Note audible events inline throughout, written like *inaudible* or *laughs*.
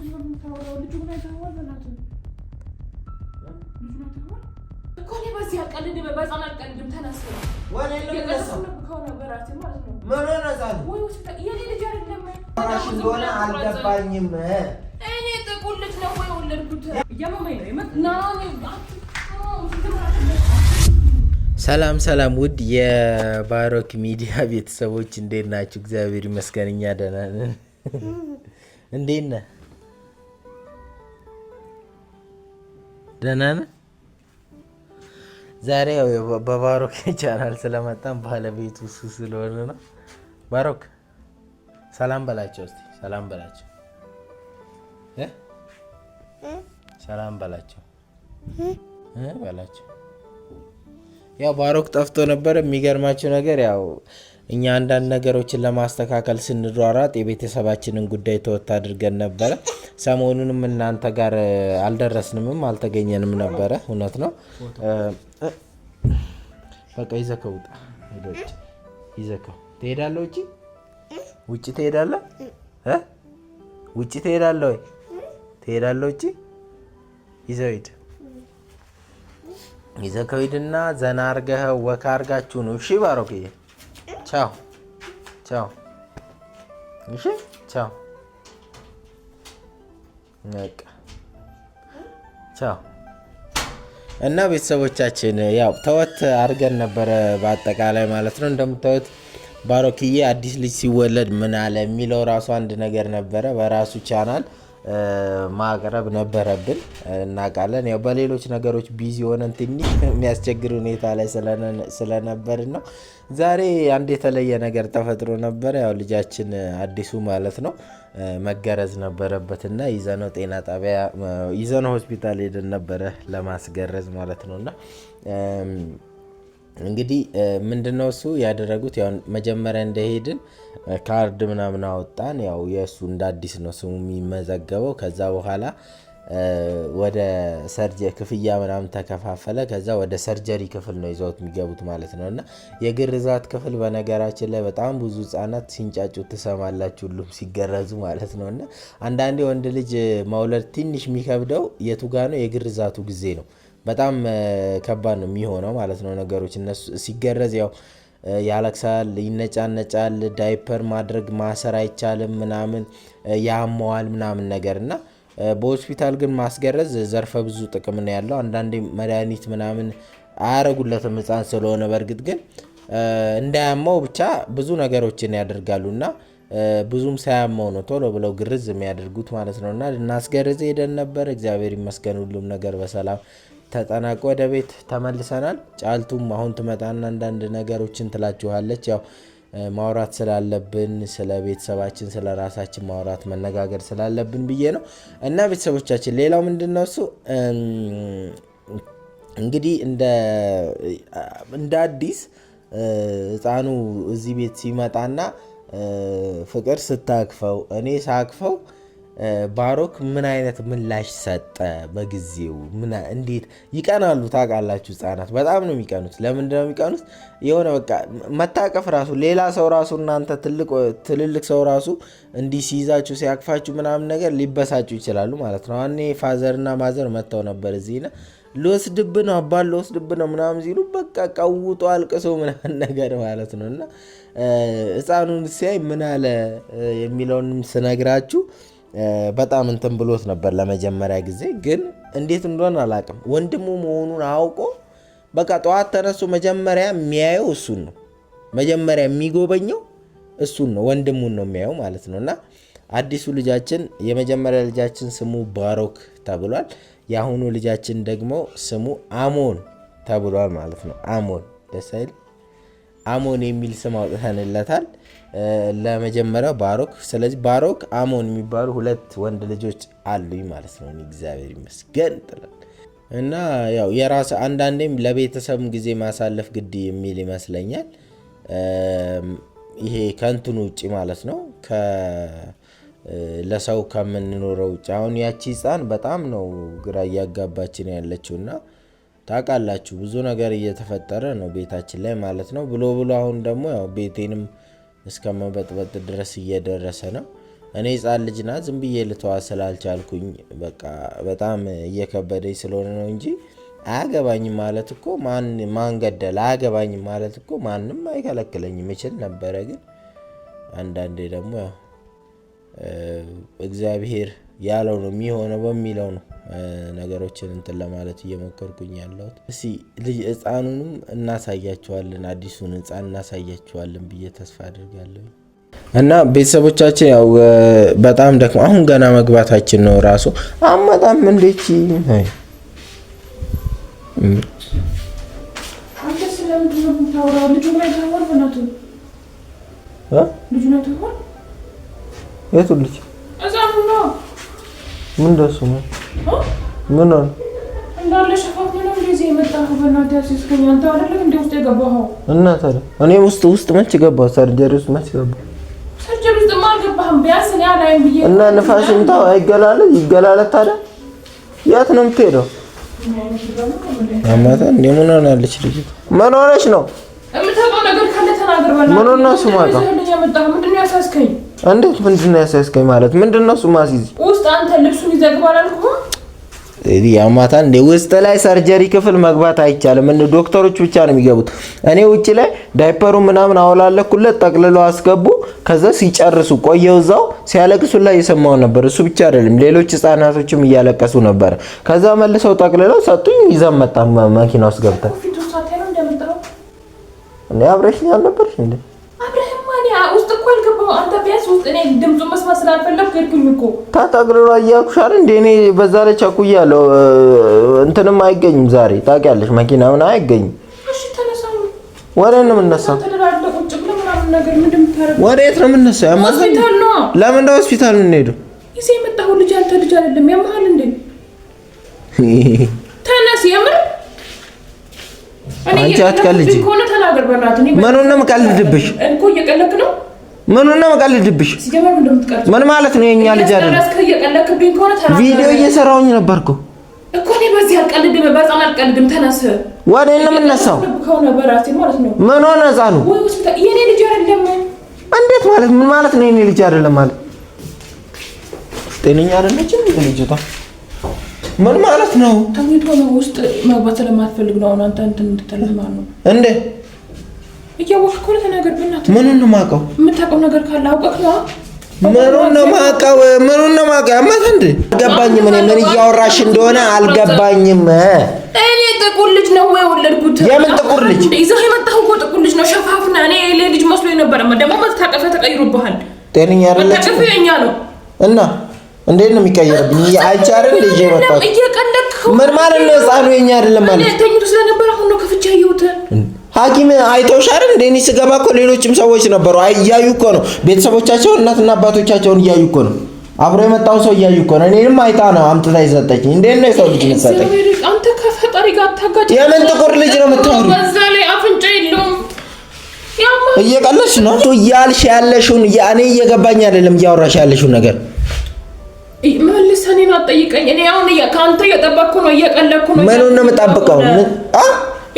ምንድን ነው የምታወራው? ልጁን አይተኸዋል? በእናትህ ልጁን አይተኸዋል እኮ እኔ በዚህ አልቀልድም፣ በህፃን አልቀልድም። ተነስ እንደሆነ አልገባኝም። እኔ ጥቁር ልጅ ነው ሰላም ሰላም፣ ውድ የባሮክ ሚዲያ ቤተሰቦች እንዴት ናችሁ? እግዚአብሔር ይመስገን እኛ ደህና ነን። እንዴት ነህ? ደህና ነህ? ዛሬ በባሮክ *laughs* ቻናል ስለመጣን ባለቤቱ እሱ ስለሆነ ነው። ባሮክ ሰላም በላቸው እስኪ፣ ሰላም በላቸው፣ ሰላም በላቸው በላቸው። ያው ባሮክ ጠፍቶ ነበር። የሚገርማቸው ነገር ያው እኛ አንዳንድ ነገሮችን ለማስተካከል ስንሯራጥ የቤተሰባችንን ጉዳይ ተወት አድርገን ነበረ። ሰሞኑንም እናንተ ጋር አልደረስንምም አልተገኘንም ነበረ። እውነት ነው። በቃ ይዘከው ውጣ፣ ይዘከው ትሄዳለህ። ውጭ ውጭ ትሄዳለህ፣ ውጭ ትሄዳለህ ወይ ትሄዳለህ? ውጭ ይዘው ሂድ፣ ይዘከው ሂድና ዘና አርገኸው ወካ አርጋችሁ ነው። እሺ ባሮክዬ፣ ቻው ቻው። እሺ ቻው እና ቤተሰቦቻችን ያው ተወት አድርገን ነበረ በአጠቃላይ ማለት ነው። እንደምታዩት ባሮክዬ አዲስ ልጅ ሲወለድ ምን አለ የሚለው ራሱ አንድ ነገር ነበረ በራሱ ቻናል ማቅረብ ነበረብን። እናውቃለን ያው በሌሎች ነገሮች ቢዚ ሆነን ትንሽ የሚያስቸግር ሁኔታ ላይ ስለነበርን ነው። ዛሬ አንድ የተለየ ነገር ተፈጥሮ ነበረ። ያው ልጃችን አዲሱ ማለት ነው መገረዝ ነበረበትና ይዘነው ጤና ጣቢያ ይዘነው ሆስፒታል ሄደን ነበረ ለማስገረዝ ማለት ነው እና እንግዲህ ምንድነው እሱ ያደረጉት ያው መጀመሪያ እንደሄድን ካርድ ምናምን አወጣን። ያው የእሱ እንደ አዲስ ነው ስሙ የሚመዘገበው። ከዛ በኋላ ወደ ሰርጀ ክፍያ ምናምን ተከፋፈለ። ከዛ ወደ ሰርጀሪ ክፍል ነው ይዘውት የሚገቡት ማለት ነው። እና የግርዛት ክፍል በነገራችን ላይ በጣም ብዙ ህፃናት ሲንጫጩ ትሰማላችሁ፣ ሁሉም ሲገረዙ ማለት ነው። እና አንዳንዴ ወንድ ልጅ መውለድ ትንሽ የሚከብደው የቱጋ ነው የግርዛቱ ጊዜ ነው። በጣም ከባድ ነው የሚሆነው ማለት ነው። ነገሮች እነሱ ሲገረዝ ያው ያለቅሳል፣ ይነጫነጫል፣ ዳይፐር ማድረግ ማሰር አይቻልም ምናምን ያመዋል ምናምን ነገር እና በሆስፒታል ግን ማስገረዝ ዘርፈ ብዙ ጥቅም ነው ያለው። አንዳንዴ መድኃኒት ምናምን አያረጉለትም ህፃን ስለሆነ በእርግጥ ግን እንዳያመው ብቻ ብዙ ነገሮችን ያደርጋሉ እና ብዙም ሳያመው ነው ቶሎ ብለው ግርዝ የሚያደርጉት ማለት ነው። እና ልናስገርዝ ሄደን ነበር። እግዚአብሔር ይመስገን ሁሉም ነገር በሰላም ተጠናቆ ወደ ቤት ተመልሰናል። ጫልቱም አሁን ትመጣና አንዳንድ ነገሮችን ትላችኋለች። ያው ማውራት ስላለብን ስለ ቤተሰባችን ስለ ራሳችን ማውራት መነጋገር ስላለብን ብዬ ነው እና ቤተሰቦቻችን። ሌላው ምንድን ነው እሱ እንግዲህ እንደ አዲስ ህፃኑ እዚህ ቤት ሲመጣና ፍቅር ስታክፈው እኔ ሳክፈው ባሮክ ምን አይነት ምላሽ ሰጠ? በጊዜው እንዴት ይቀናሉ? ታውቃላችሁ፣ ህጻናት በጣም ነው የሚቀኑት። ለምንድን ነው የሚቀኑት? የሆነ በቃ መታቀፍ ራሱ ሌላ ሰው ራሱ እናንተ ትልልቅ ሰው ራሱ እንዲህ ሲይዛችሁ ሲያቅፋችሁ ምናምን ነገር ሊበሳችሁ ይችላሉ ማለት ነው። እኔ ፋዘርና ማዘር መጥተው ነበር እዚህና ልወስድብ ነው አባ ልወስድብ ነው ምናምን ሲሉ በቃ ቀውጦ አልቅሶ ምናምን *laughs* ነገር ማለት ነው። እና ህፃኑን ሲያይ ምን አለ የሚለውንም ስነግራችሁ በጣም እንትን ብሎት ነበር ለመጀመሪያ ጊዜ። ግን እንዴት እንደሆነ አላውቅም፣ ወንድሙ መሆኑን አውቆ በቃ ጠዋት ተነሱ መጀመሪያ የሚያየው እሱን ነው፣ መጀመሪያ የሚጎበኘው እሱን ነው፣ ወንድሙን ነው የሚያየው ማለት ነው። እና አዲሱ ልጃችን የመጀመሪያ ልጃችን ስሙ ባሮክ ተብሏል። የአሁኑ ልጃችን ደግሞ ስሙ አሞን ተብሏል ማለት ነው። አሞን ደስ አይል አሞን የሚል ስም አውጥተንለታል ለመጀመሪያው ባሮክ። ስለዚህ ባሮክ፣ አሞን የሚባሉ ሁለት ወንድ ልጆች አሉኝ ማለት ነው። እግዚአብሔር ይመስገን ጥላል እና ያው የራስ አንዳንዴም ለቤተሰብ ጊዜ ማሳለፍ ግድ የሚል ይመስለኛል። ይሄ ከንትን ውጭ ማለት ነው ለሰው ከምንኖረው ውጭ። አሁን ያቺ ህፃን በጣም ነው ግራ እያጋባችን ያለችውና ታውቃላችሁ ብዙ ነገር እየተፈጠረ ነው ቤታችን ላይ ማለት ነው። ብሎ ብሎ አሁን ደግሞ ያው ቤቴንም እስከ መበጥበጥ ድረስ እየደረሰ ነው። እኔ ሕፃን ልጅ ናት ዝም ብዬ ልተዋ ስላልቻልኩኝ በቃ በጣም እየከበደኝ ስለሆነ ነው እንጂ አያገባኝም ማለት እኮ ማን ገደለ? አያገባኝም ማለት እኮ ማንም አይከለክለኝ ምችል ነበረ። ግን አንዳንዴ ደግሞ ያው እግዚአብሔር ያለው ነው የሚሆነው በሚለው ነው ነገሮችን እንትን ለማለት እየሞከርኩኝ ያለሁት እስ ልጅ ህፃኑንም እናሳያቸዋለን፣ አዲሱን ህፃን እናሳያቸዋለን ብዬ ተስፋ አድርጋለሁ። እና ቤተሰቦቻችን ያው በጣም ደክሞ አሁን ገና መግባታችን ነው ራሱ አመጣም እንዴች ምንደሱ ነው ምን ነው እንዳለ ሸፋፍ ነው እንደዚህ የመጣው በእናትህ ያስይዝከኝ አንተ አይደለም እንደ ውስጥ የገባኸው እና ታዲያ እኔ ውስጥ ውስጥ መች ገባሁ ሰርጀሪ ውስጥ መች ገባሁ ሰርጀሪ ውስጥ አልገባህም ቢያንስ እኔ አላይም ብዬ እና ንፋስ እንታው አይገላለል ይገላለል ታዲያ የት ነው የምትሄደው አማታ እንደ ምን ሆናለች ልጅ ምን ሆነች ነው የምታውቀው ነገር ካለ ተናገር በእናትህ ምን ሆነ እሱ ማውቀው ምንድን ነው ያሳዝከኝ እንዴት ምንድን ነው ያሳዝከኝ ማለት ምንድን ነው እሱ ማስይዝ አንተ ልብሱን ይዘግባል አልኩህ። ያማታል እንደ ውስጥ ላይ ሰርጀሪ ክፍል መግባት አይቻልም። እን ዶክተሮች ብቻ ነው የሚገቡት። እኔ ውጭ ላይ ዳይፐሩ ምናምን አወላለኩለት ጠቅልለው አስገቡ። ከዛ ሲጨርሱ ቆየው እዛው ሲያለቅሱ ላይ የሰማው ነበር። እሱ ብቻ አይደለም ሌሎች ሕጻናቶችም እያለቀሱ ነበር። ከዛ መልሰው ጠቅልለው ሰጡኝ። ይዘን መጣ መኪና ውስጥ ገብተን እኔ አብረሽኝ አልነበርሽ እንዴ? አንተ ቢያንስ ውስጥ እኔ ድምፁ መስማት ስላልፈለኩ ሄድኩኝ እኮ ታታግረሩ አያኩሻል እንደ እኔ በዛ ላይ ቸኩያለሁ። እንትንም አይገኝም ዛሬ ታውቂያለሽ፣ መኪና ምን አይገኝም። ወሬ ነው የምነሳው። ወዴት ነው የምነሳው? ለምን ነው ሆስፒታል የምንሄደው? ይዜ የመጣሁ ልጅ አንተ ልጅ አይደለም ያመሃል እንዴ? *laughs* ተነስ የምር አንቺ አትቀልጂ። ምኑን ነው የምቀልድብሽ እኮ እየቀለክ ነው ምን ነው መቀልድብሽ? ምን ማለት ነው? የኛ ልጅ አይደል? ቪዲዮ እየሰራሁኝ ነበርኩ እኮ እኔ። በዚህ አልቀልድም፣ በሕፃን አልቀልድም። ተነስ። ወዴት ነው የምነሳው? ምን ሆነ ሕፃኑ? የኔ ልጅ አይደለም። እንዴት ማለት ምን ማለት ነው? የኔ ልጅ አይደለም ማለት ጤነኛ አይደለችም ልጅቷ። ምን ማለት ነው? ተኝቶ ነው ውስጥ መግባት ስለማትፈልግ ነው። አሁን አንተ እንትን እንድትለማ ነው እንዴ? እያወቅሽ እኮ ለተናገር ብናትህ። ምኑን ነው የማውቀው? የምታውቀው ነገር ካለ አውቀህ ነዋ። ምኑን ነው የማውቀው? ምኑን ነው የማውቀው? ያማት እንደ አልገባኝም። እኔ ምን እያወራሽ እንደሆነ አልገባኝም። እኔ ጥቁር ልጅ ነው ወይ የወለድኩት? የምን ጥቁር ልጅ? ይዘህ የመጣኸው እኮ ጥቁር ልጅ ነው፣ ሸፋፍና። እኔ ልጅ መስሎ የነበረ ደግሞ መታቀፈ ተቀይሮብሃል። ጤነኛ አይደለችም። መታቀፈኛ ነው እና እንዴት ነው የሚቀየርብኝ? አይቻር ልጅ የመጣሁት ምን ማለት ነው? ህፃኑ የኛ አይደለም ማለት ተኝቶ ስለነበረ አሁን ነው ከፍቼ አየሁት። ሐኪም አይተውሽ አይደል? እኔ ስገባ እኮ ሌሎችም ሰዎች ነበሩ። እያዩ እኮ ነው ቤተሰቦቻቸውን፣ እናትና አባቶቻቸውን እያዩ እኮ ነው። አብሮ የመጣውን ሰው እያዩ እኮ ነው። እኔንም አይታ ነው አምጥታ ይሰጠችኝ። እንዴት ነው የሰው ልጅ የምትሰጠኝ? የምን ጥቁር ልጅ ነው የምታወሪው? እየቀለሽ ነው እያልሽ ያለሽውን እኔ እየገባኝ አይደለም እያወራሽ ያለሽውን ነገር መልሰኔን አትጠይቀኝ። እኔ አሁን ከአንተ እየጠበቅኩ ነው፣ እየቀለኩ ነው። ምኑን ነው የምጠብቀው?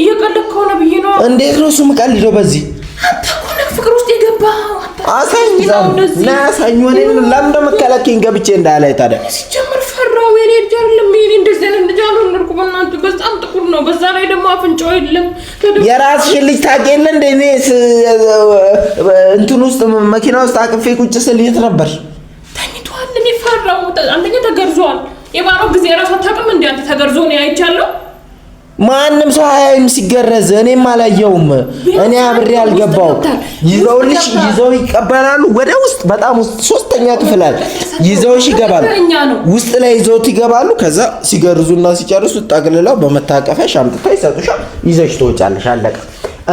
እየቀለድክ ከሆነ ብዬ ነው። እንዴት ነው በዚህ ፍቅር ውስጥ ይሄ ጥቁር የለም። የራስሽን ልጅ ታውቂያለሽ እንደ እኔ እንትን ውስጥ መኪና ውስጥ አቅፌ ቁጭ ስል የት ነበር? ተኝቷል። እኔ አንደኛ ተገርዟል። የባሮ ጊዜ ራሷ ታውቅም እንደ አንተ ተገርዞ አይቻለሁ ማንም ሰው አያይም ሲገረዝ። እኔም አላየውም። እኔ አብሬ አልገባው። ይዘውልሽ ይዘው ይቀበላሉ ወደ ውስጥ በጣም ውስጥ ሶስተኛ ክፍል አለ። ይዘውሽ ይገባሉ፣ ውስጥ ላይ ይዘውት ይገባሉ። ከዛ ሲገርዙና ሲጨርሱ ጠቅልለው በመታቀፈሽ አምጥተው ይሰጡሻል። ይዘሽ ትወጫለሽ። አለቀ።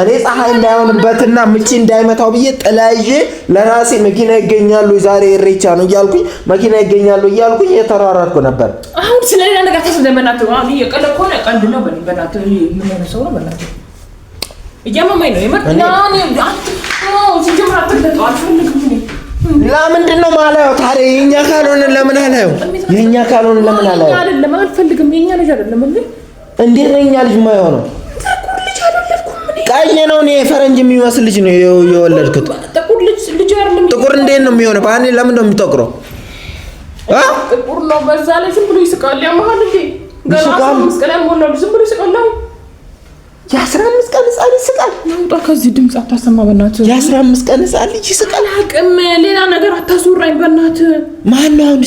እኔ ፀሐይ እንዳይሆንበትና ምቺ እንዳይመታው ብዬ ጥላዬ ለራሴ መኪና ይገኛሉ ዛሬ እሬቻ ነው እያልኩኝ መኪና ይገኛሉ እያልኩኝ የተሯሯጥኩ ነበር። አሁን ስለሌላ ነገር ተስደመናቸው አሁን እየቀለኩ ሆነ ቀልድ ነው በእናትህ ምን ሰው ነው በእናትህ እያመመኝ ነው የምር እና ለምንድን ነው ማለው? ታዲያ? የኛ ካልሆነ ለምን አለው? የኛ ካልሆነ ለምን አላየው? አይደለም አልፈልግም። የኛ ልጅ አይደለም እንዴ? እንዴት ነው የኛ ልጅ የማይሆነው? ቀይ ነው። እኔ ፈረንጅ የሚመስል ልጅ ነው የወለድኩት። ጥቁር እንዴት ነው የሚሆነው? ባኔ ለምን ነው የሚጠቁረው? ጥቁር ነው። በዛ ላይ ዝም ብሎ ይስቃል። ያመሃል እንዴ? ዝም ብሎ ይስቃል። የአስራ አምስት ቀን ይስቃል። ውጣ ከዚህ ድምፅ አታሰማ በእናትህ። የአስራ አምስት ቀን ህጻን ልጅ ይስቃል። አቅም ሌላ ነገር አታስወራኝ በእናትህ። ማን ነው አሁን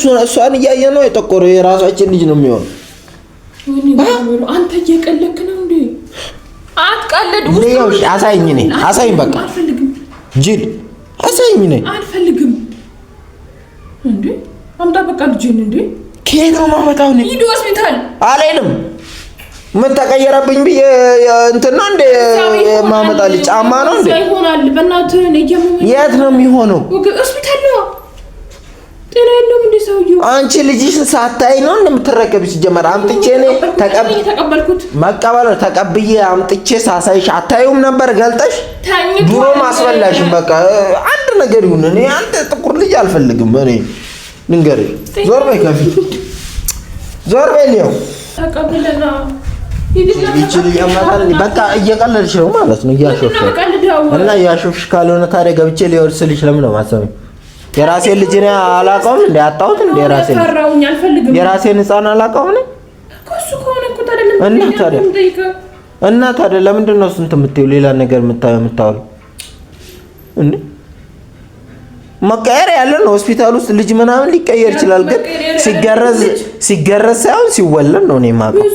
ስሩ እሷን እያየ ነው የራሳችን ልጅ ነው የሚሆነው። አንተ እየቀለክ ነው አትቀልድ። አሳይኝ፣ እኔ አሳይኝ፣ በቃ ጅል አሳይኝ። እኔ አልፈልግም። አምጣ፣ በቃ ልጅን። ከየት ነው ማመጣው? እኔ ሂድ ሆስፒታል አልሄድም። ምን ተቀየረብኝ ብዬ እንትን ነው እንደ ማመጣልኝ ጫማ ነው እንዴ? የት ነው የሚሆነው? ሆስፒታል ነው ጤና የለውም እንደ ሰውዬው። አንቺ ልጅሽን ሳታይ ነው እንደምትረከብ ሲጀመር አምጥቼ እኔ ተቀበልኩት። መቀበል ተቀብዬ አምጥቼ ሳሳይሽ አታዩም ነበር ገልጠሽ። ድሮ ማስበላሽ በቃ አንድ ነገር ይሁን። እኔ አንተ ጥቁር ልጅ አልፈልግም። እኔ ንገር፣ ዞር በይ ከፊት ዞር በይ። ሊያው ይቺ ልጅ አማታል በቃ እየቀለድሽ ነው ማለት ነው፣ እያሾፍሽ እና እያሾፍሽ ካልሆነ ታዲያ ገብቼ ሊወርስልሽ ለምን ነው ማሰብ የራሴን ልጅ ነው አላውቀውም እንዴ? አጣሁት እንዴ? የራሴን የራሴን ህፃን አላውቀውም ነው እና ታዲያ ለምንድን ነው ስንት የምትይው ሌላ ነገር የምታወሪ እንዴ? መቀየር ያለ ነው። ሆስፒታል ውስጥ ልጅ ምናምን ሊቀየር ይችላል፣ ግን ሲገረዝ ሲገረዝ ሳይሆን ሲወለድ ነው። እኔ የማውቀው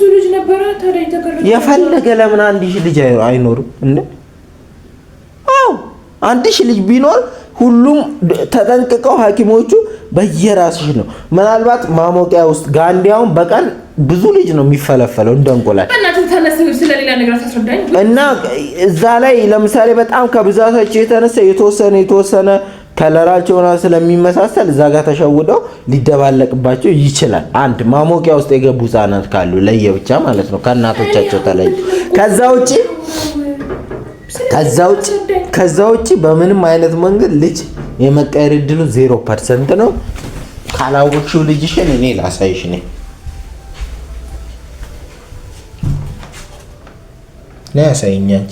የፈለገ ለምን አንድ ሺህ ልጅ አይኖርም እንዴ? አዎ አንድ ሺህ ልጅ ቢኖር ሁሉም ተጠንቅቀው ሐኪሞቹ በየራስሽ ነው። ምናልባት ማሞቂያ ውስጥ ጋንዲያውን በቀን ብዙ ልጅ ነው የሚፈለፈለው እንደ እንቁላል እና እዛ ላይ ለምሳሌ በጣም ከብዛታቸው የተነሳ የተወሰነ የተወሰነ ከለራቸውና ስለሚመሳሰል እዛ ጋር ተሸውደው ሊደባለቅባቸው ይችላል። አንድ ማሞቂያ ውስጥ የገቡ ህጻናት ካሉ ለየብቻ ማለት ነው ከእናቶቻቸው ተለዩ። ከዛ ውጭ ከዛ ውጭ ከዛ ውጭ በምንም አይነት መንገድ ልጅ የመቀየር እድሉ ዜሮ ፐርሰንት ነው። ካላወቅሽው ልጅሽን እኔ ላሳይሽ ነኝ። ያሳይኛች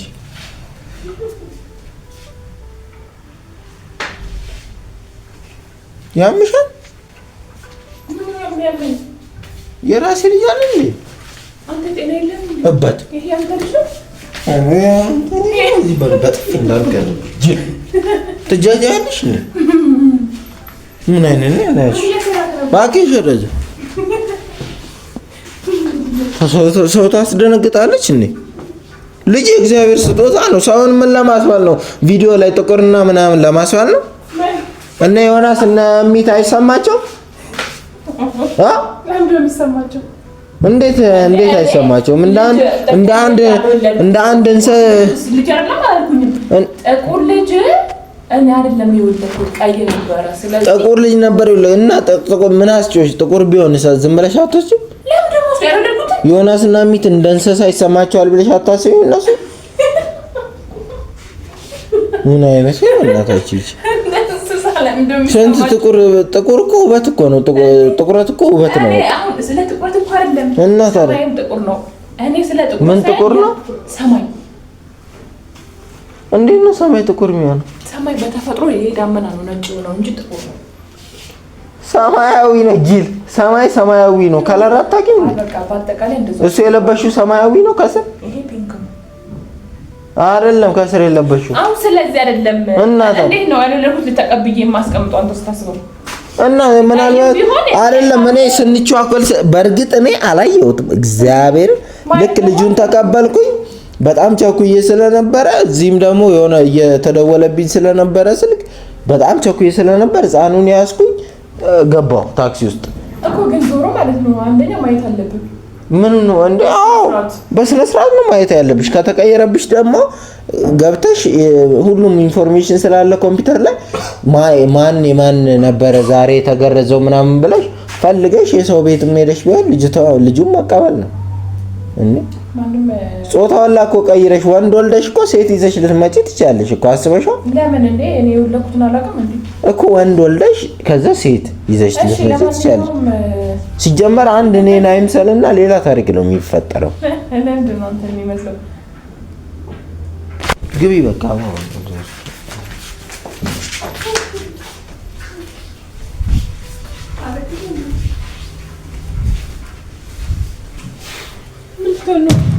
ያምሻል። የራሴ ልጅ አለ እበት ይሄ ልጅ ትጃጃለሽ። ምን አይነት እባክሽ ረዘ ሰው ታስደነግጣለች እንዴ! ልጅ የእግዚአብሔር ስጦታ ነው። ሰውን ምን ለማስባል ነው? ቪዲዮ ላይ ጥቁርና ምናምን ለማስባል ነው። እና ዮናስ እና ሚት አይሰማቸው እ እንዴት እንዴት አይሰማቸውም? እንደ አንድ እንደ አንድ እንደ አንድ ጥቁር ልጅ እኔ አይደለም የወለድኩት ቀይ ነበረ። ስለዚህ ጥቁር ልጅ ነበር እና ጥቁር ምን አስጮሽ? ጥቁር ቢሆን ዝም ብለሽ አትወጪም? ዮናስና ሚት እንደ እንስሳ ይሰማቸዋል ብለሽ አታስቢም? እነሱ *laughs* ምን አይነት እናታችን ስንት ጥቁር ጥቁር እኮ ውበት እኮ ነው። ጥቁረት እኮ ውበት ነው። እና ታዲያ ጥቁር ነው። እኔ ስለ ጥቁር ምን ጥቁር ነው? ሰማይ እንዴት ነው ሰማይ ጥቁር የሚሆነው? ሰማይ በተፈጥሮ የዳመና ነው፣ ነጭ ነው እንጂ ጥቁር ነው። ሰማያዊ ነው ጅል። ሰማይ ሰማያዊ ነው። ከለር አታውቂም? እሱ የለበሽው ሰማያዊ ነው። ከስር አይደለም፣ ከስር የለበሽው አሁን። ስለዚህ አይደለም እና እንዴት ነው አይደለም? ያለለኩት ተቀብዬ የማስቀምጠው አንተ ስታስበው እና ምናልባት አይደለም እኔ ስንቸዋኮል በእርግጥ እኔ አላየሁትም። እግዚአብሔር ልክ ልጁን ተቀበልኩኝ በጣም ቸኩዬ ስለነበረ እዚህም ደግሞ የሆነ እየተደወለብኝ ስለነበረ ስልክ በጣም ቸኩዬ ስለነበር ሕፃኑን ያዝኩኝ ገባው ታክሲ ውስጥ እኮ ግን ዞሮ ማለት ነው አንደኛ ማየት አለብን ምን ነው እንዴ? አዎ በስነ ስርዓት ነው ማየት ያለብሽ። ከተቀየረብሽ ደግሞ ገብተሽ ሁሉም ኢንፎርሜሽን ስላለ ኮምፒውተር ላይ ማን የማን ነበረ ዛሬ የተገረዘው ምናምን ብለሽ ፈልገሽ የሰው ቤት ሄደሽ ቢሆን ልጅቷ ልጁም መቀበል ነው። ጾታውን ላ እኮ ቀይረሽ ወንድ ወልደሽ እኮ ሴት ይዘሽ ልትመጪ ትችያለሽ እኮ አስበሽው። ለምን እንዴ እኔ የወለድኩትን አላውቅም እንዴ እኮ ወንድ ወልደሽ ከዛ ሴት ይዘሽ ልትመጪ ትችያለሽ። ሲጀመር አንድ እኔ እኔን አይምሰልና ሌላ ታሪክ ነው የሚፈጠረው። ግቢ በቃ genug.